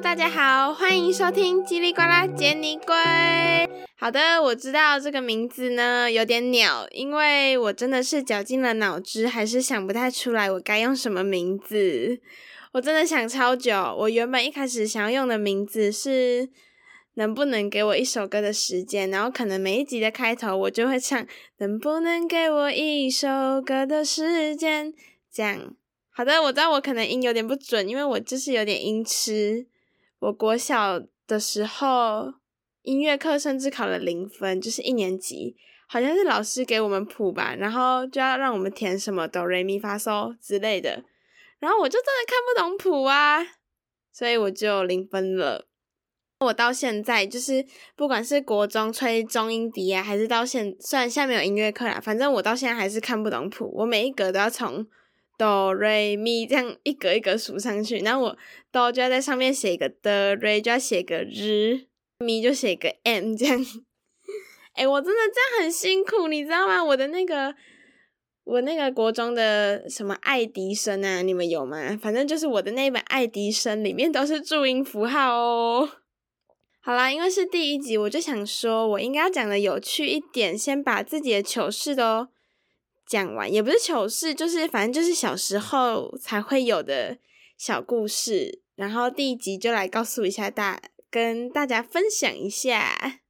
大家好，歡迎收聽嘰里呱啦傑尼龜。好的，我知道這個名字呢，有點鳥，因為我真的是絞盡了腦汁，還是想不太出來我該用什麼名字。我真的想超久，我原本一開始想要用的名字是“能不能給我一首歌的時間”，然後可能每一集的開頭我就會唱“能不能給我一首歌的時間”這樣。好的，我知道我可能音有點不準，因為我就是有點音痴。我國小的時候，音樂課甚至考了零分，就是一年級，好像是老師給我們譜吧，然後就要讓我們填什麼哆來咪發嗦之類的，然後我就真的看不懂譜啊，所以我就零分了。我到現在就是不管是國中吹中音笛啊，還是到現在，雖然現在沒有音樂課啦，反正我到現在還是看不懂譜，我每一格都要從。哆、瑞、咪，這樣一格一格數上去，然後我哆就要在上面寫一個的，瑞就要寫一個日，咪就寫一個 M，這樣。誒、 欸、我真的這樣很辛苦，你知道嗎？我的那個，我那個國中的什麼愛迪生啊？你們有嗎？反正就是我的那本愛迪生裡面都是注音符號哦。好啦，因為是第一集，我就想說我應該要講得有趣一點，先把自己的糗事都。講完也不是糗事，就是反正就是小時候才會有的小故事。然後第一集就來告訴一下大，跟大家分享一下。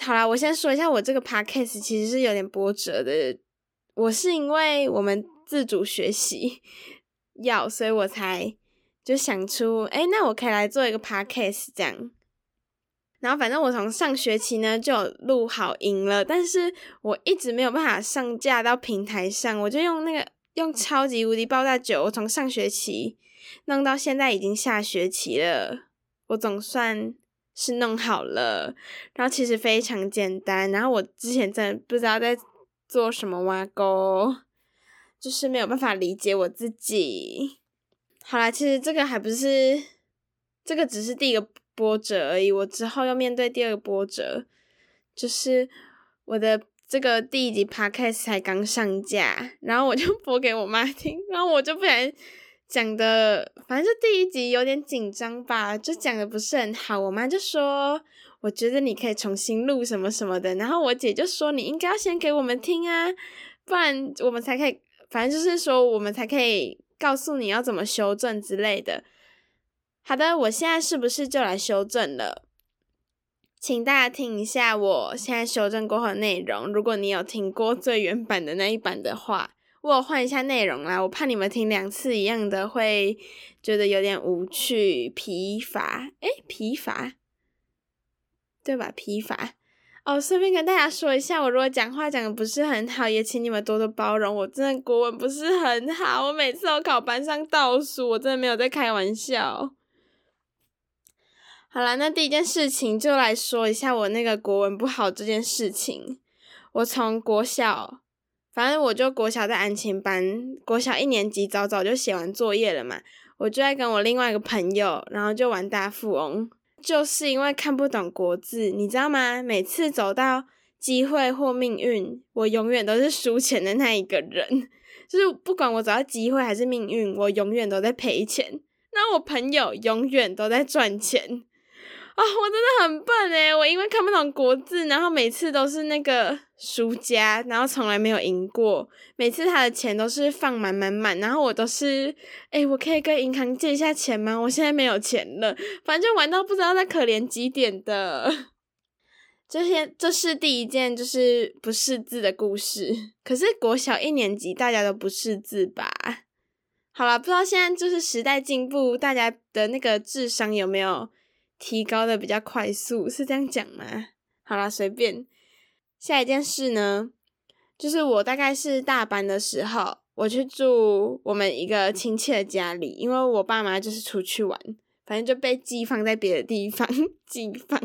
好啦，我先說一下，我這個 podcast 其實是有點波折的。我是因為我們自主學習要，所以我才就想出，哎、欸，那我可以來做一個 podcast 這樣。然後反正我從上學期呢有就錄好音了，但是我一直沒有辦法上架到平台上，我就用那個，用超級無敵爆炸久，我從上學期弄到現在已經下學期了，我總算是弄好了。然後其實非常簡單，然後我之前真的不知道在做什麼挖溝，就是沒有辦法理解我自己。好啦，其實這個還不是，這個只是第一個。波折而已，我之後要面對第二個波折，就是我的這個第一集 podcast 才剛上架，然後我就播給我媽聽，然後我就不然講的，反正就第一集有點緊張吧，就講的不是很好，我媽就說，我覺得你可以重新錄什麼什麼的，然後我姐就說，你應該要先給我們聽啊，不然我們才可以，反正就是說我們才可以告訴你要怎麼修正之類的。好的，我現在是不是就來修正了？請大家聽一下我現在修正過後的內容。如果你有聽過最原版的那一版的話，我換一下內容啦。我怕你們聽兩次一樣的會覺得有點無趣、疲乏，哎、欸，疲乏，對吧？疲乏。哦，順便跟大家說一下，我如果講話講得不是很好，也請你們多多包容。我真的國文不是很好，我每次都考班上倒數，我真的沒有在開玩笑。好啦，那第一件事情就來說一下我那個國文不好這件事情。我從國小，反正我就國小在安親班。國小一年級早早就寫完作業了嘛，我就在跟我另外一個朋友，然後就玩大富翁。就是因為看不懂國字，你知道嗎？每次走到機會或命運，我永遠都是輸錢的那一個人。就是不管我走到機會還是命運，我永遠都在賠錢。那我朋友永遠都在賺錢。啊、哦，我真的很笨誒，我因為看不懂國字，然後每次都是那個輸家，然後從來沒有贏過。每次他的錢都是放滿滿滿，然後我都是哎、欸，我可以跟銀行借一下錢嗎？我現在沒有錢了，反正就玩到不知道在可憐幾點的。這些，這是第一件，就是不識字的故事。可是國小一年級大家都不識字吧？好了，不知道現在就是時代進步，大家的那個智商有沒有提高的比較快速，是這樣講嗎？好啦，隨便。下一件事呢，就是我大概是大班的時候，我去住我們一個親戚的家裡，因為我爸媽就是出去玩，反正就被寄放在別的地方，寄放。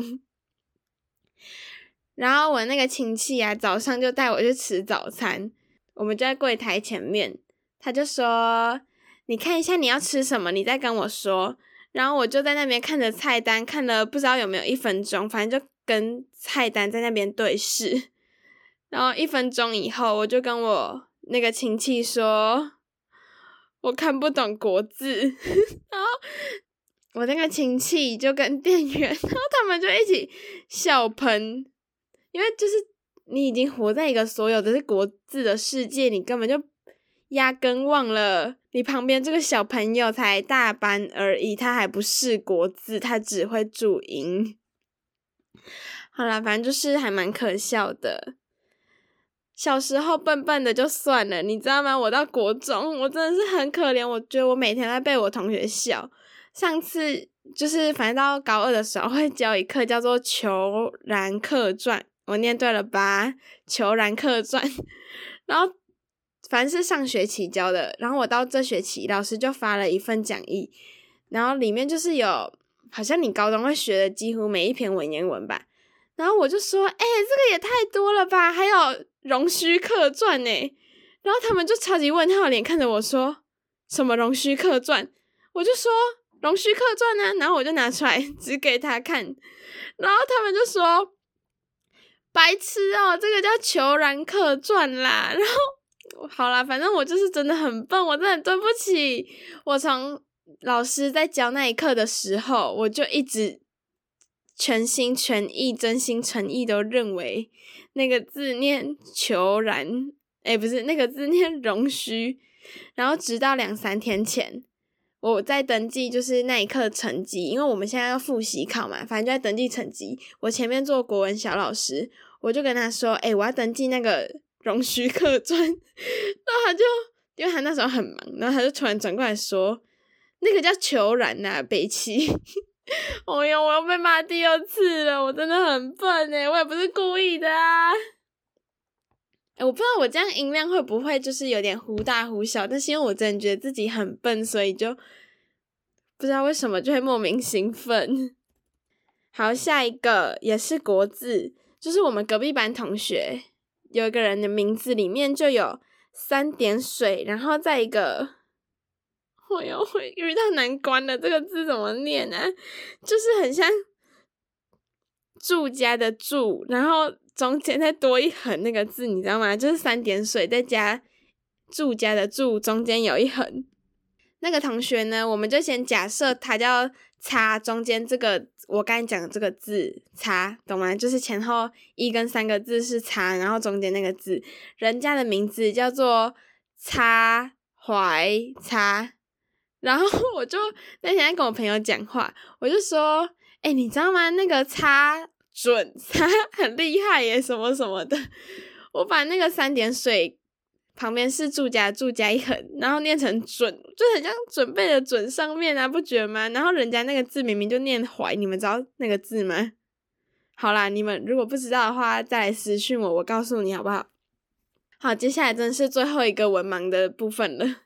然後我那個親戚啊，早上就帶我去吃早餐，我們就在櫃檯前面，他就說：“你看一下你要吃什麼，你再跟我說。”然後我就在那邊看着菜單，看了不知道有沒有一分鐘，反正就跟菜單在那邊對視。然後一分鐘以後，我就跟我那個親戚說，我看不懂國字。然後我那個親戚就跟店員，然後他們就一起笑噴，因為就是你已經活在一個所有的國字的世界，你根本就壓根忘了。你旁邊這個小朋友才大班而已，他還不是國字，他只會注音。好啦，反正就是還蠻可笑的。小時候笨笨的就算了，你知道嗎？我到國中，我真的是很可憐。我覺得我每天在被我同學笑。上次就是，反正到高二的時候會教一課叫做《虬髯客傳》，我念對了吧？《虬髯客傳，》 然後。凡是上學期教的，然後我到這學期，老師就發了一份講義，然後裡面就是有好像你高中會學的幾乎每一篇文言文吧，然後我就說，哎、欸，這個也太多了吧？還有《容虛客傳、欸》呢，然後他們就超級問號臉看着我說，什麼《容虛客傳》？我就說《容虛客傳、啊》呢，然後我就拿出來指給他看，然後他們就說，白痴哦，這個叫《虬髯客傳》啦，然後。好啦，反正我就是真的很笨，我真的很對不起。我從老師在教那一課的時候，我就一直全心全意、真心誠意都認為那個字念求然，誒，不是那個字念容虛。然後直到兩三天前，我在登記，就是那一課成績，因為我們現在要複習考嘛，反正就在登記成績。我前面做國文小老師，我就跟他說，誒，我要登記那個。容許客專， 然後他就，因為他那時候很忙，然後他就突然轉過來說，那個叫求然吶，啊，北七， 哎呀，我要被罵第二次了，我真的很笨誒，我也不是故意的啊，欸，我不知道我這樣音量會不會就是有點忽大忽小，但是因為我真的覺得自己很笨，所以就不知道為什麼就會莫名興奮。好，下一個也是國字，就是我們隔壁班同學。有一個人的名字裡面就有三點水，然後再一個，我又會遇到難關了。這個字怎麼念呢、啊？就是很像住家的住，然後中間再多一橫那個字，你知道嗎？就是三點水再加住家的住，中間有一橫。那個同學呢？我們就先假設他叫“叉”，中間這個我剛才講的這個字“叉”，懂嗎？就是前後一跟三個字是“叉”，然後中間那個字，人家的名字叫做叉“叉懷叉”。然後我就那天跟我朋友講話，我就說：“哎、欸，你知道嗎？那個叉‘叉准叉很厲害耶，什麼什麼的。”我把那個三點水。旁邊是“住家”，“住家”一橫，然後念成「準」，就很像「準備」的「準」上面啊，不覺得嗎？然後人家那個字明明就念“淮”，你們知道那個字嗎？好啦，你們如果不知道的話，再來私訊我，我告訴你好不好？好，接下來真的是最後一個文盲的部分了。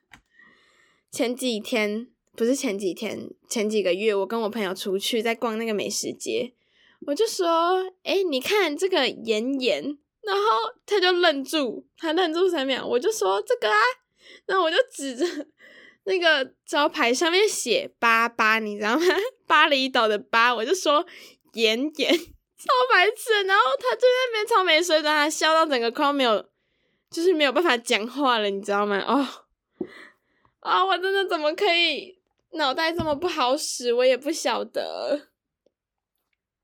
前幾天不是前幾天，前幾個月，我跟我朋友出去在逛那個美食街，我就說：“哎、欸，你看這個‘炎炎’。”然後他就愣住，他愣住三秒，我就說，這個啊，然後我就指着那個招牌上面寫八八，你知道嗎？巴厘島的八。我就說點點，超白痴！然後他就在那邊超沒水準，然後他笑到整個框沒有，就是沒有辦法講話了，你知道嗎？哦，啊，哦，我真的怎麼可以腦袋這麼不好使？我也不曉得。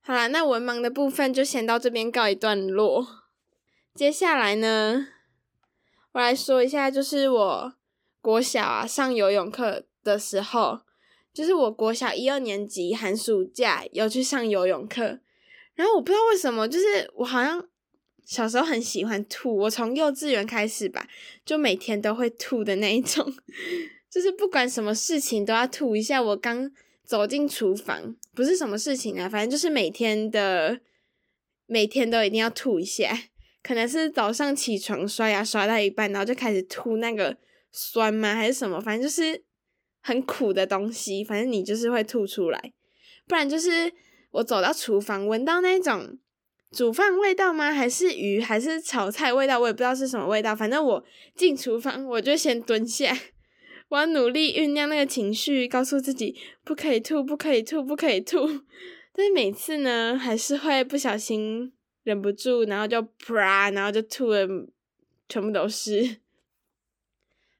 好啦，那文盲的部分就先到這邊告一段落。接下來呢，我來說一下，就是我國小啊上游泳課的時候，就是我國小一二年級寒暑假有去上游泳課，然後我不知道為什麼，就是我好像小時候很喜歡吐，我從幼稚園開始吧，就每天都會吐的那一種，就是不管什麼事情都要吐一下。我剛走進廚房，不是什麼事情啊，反正就是每天的，每天都一定要吐一下。可能是早上起床刷牙刷到一半，然後就開始吐那個酸嗎，還是什麼？反正就是很苦的東西，反正你就是會吐出來。不然就是我走到廚房，聞到那種煮飯味道嗎？還是魚？還是炒菜味道？我也不知道是什麼味道。反正我進廚房，我就先蹲下，我要努力醞釀那個情緒，告訴自己不可以吐，不可以吐，不可以吐，不可以吐。但是每次呢，還是會不小心。忍不住，然後就啪，然後就吐了，全部都是。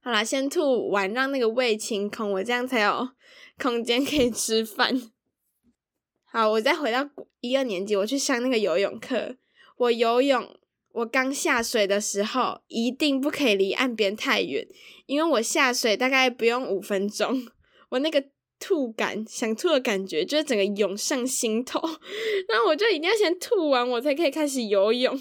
好啦，先吐完，讓那個胃清空，我這樣才有空間可以吃飯。好，我再回到一二年級，我去上那個游泳課。我游泳，我剛下水的時候一定不可以離岸邊太遠，因為我下水大概不用五分鐘，我那個。吐感，想吐的感覺，就是整個湧上心頭。然 後我就一定要先吐完，我才可以開始游泳。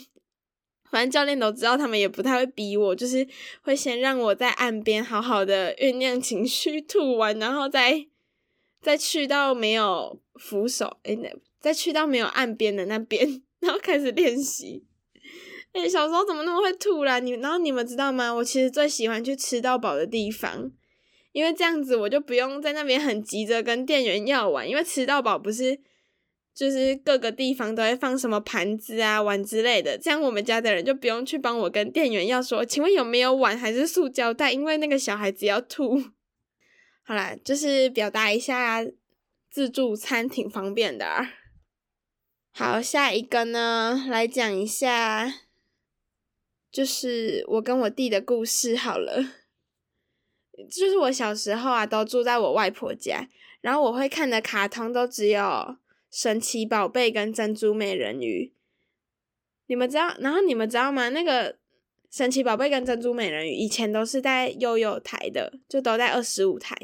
反正教練都知道，他們也不太會逼我，就是會先讓我在岸邊好好的醞釀情緒，吐完，然後再再去到沒有扶手，哎，那再去到沒有岸邊的那邊，然後開始練習。哎，小時候怎麼那麼會吐啦？你，然後你們知道嗎？我其實最喜歡去吃到飽的地方。因為這樣子，我就不用在那邊很急着跟店員要碗，因為吃到飽不是，就是各個地方都會放什麼盤子啊、碗之類的，這樣我們家的人就不用去幫我跟店員要說，請問有沒有碗還是塑膠袋，因為那個小孩子要吐。好啦，就是表達一下自助餐挺方便的啊！好，下一個呢，來講一下，就是我跟我弟的故事。好了。就是我小時候啊，都住在我外婆家，然後我會看的卡通都只有神奇寶貝跟珍珠美人魚，你們知道，然後你們知道嗎？那個神奇寶貝跟珍珠美人魚以前都是在幼幼台的，就都在二十五台，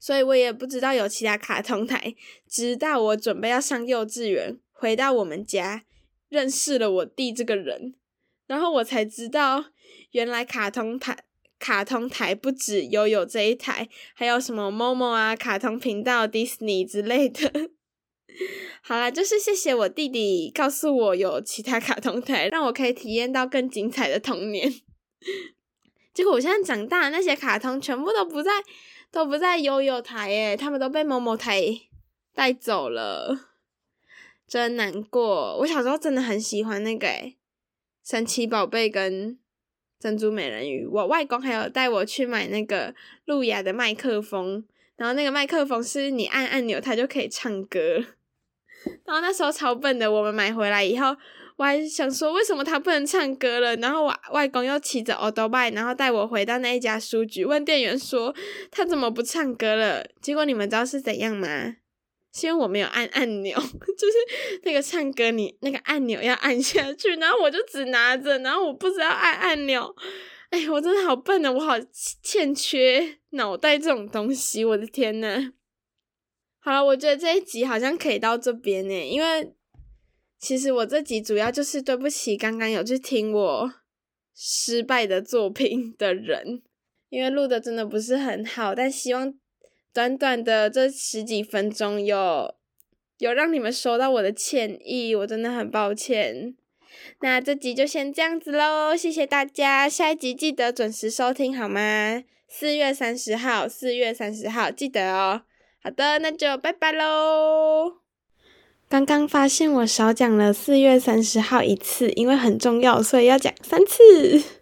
所以我也不知道有其他卡通台，直到我準備要上幼稚園，回到我們家，認識了我弟這個人，然後我才知道，原來卡通台。卡通台不止悠悠這一台，還有什麼 Momo 啊、卡通頻道、迪士尼之類的。 好啦，就是謝謝我弟弟告訴我有其他卡通台，讓我可以體驗到更精彩的童年。 結果我現在長大，那些卡通全部都不在，都不在悠悠台誒，他們都被 Momo 台帶走了，真難過。我小時候真的很喜歡那個誒，《神奇寶貝》跟。珍珠美人魚，我外公還有帶我去買那個露亞的麥克風，然後那個麥克風是你按按鈕它就可以唱歌。然後那時候超笨的，我們買回來以後，我還想說為什麼他不能唱歌了。然後我外公又騎着歐兜拜，然後帶我回到那一家書局，問店員說他怎麼不唱歌了？結果你們知道是怎樣嗎？因為我沒有按按鈕，就是那個唱歌你那個按鈕要按下去，然後我就只拿着，然後我不知道按按鈕，哎，我真的好笨的，啊，我好欠缺腦袋這種東西，我的天吶！好了，我覺得這一集好像可以到這邊誒、欸，因為其實我這集主要就是對不起剛剛有去聽我失敗的作品的人，因為錄的真的不是很好，但希望。短短的這十幾分鐘有，有有讓你們收到我的歉意，我真的很抱歉。那這集就先這樣子嘍，謝謝大家，下一集記得準時收聽好嗎？四月三十號，四月三十號，記得哦。好的，那就拜拜嘍。剛剛發現我少講了四月三十號一次，因為很重要，所以要講三次。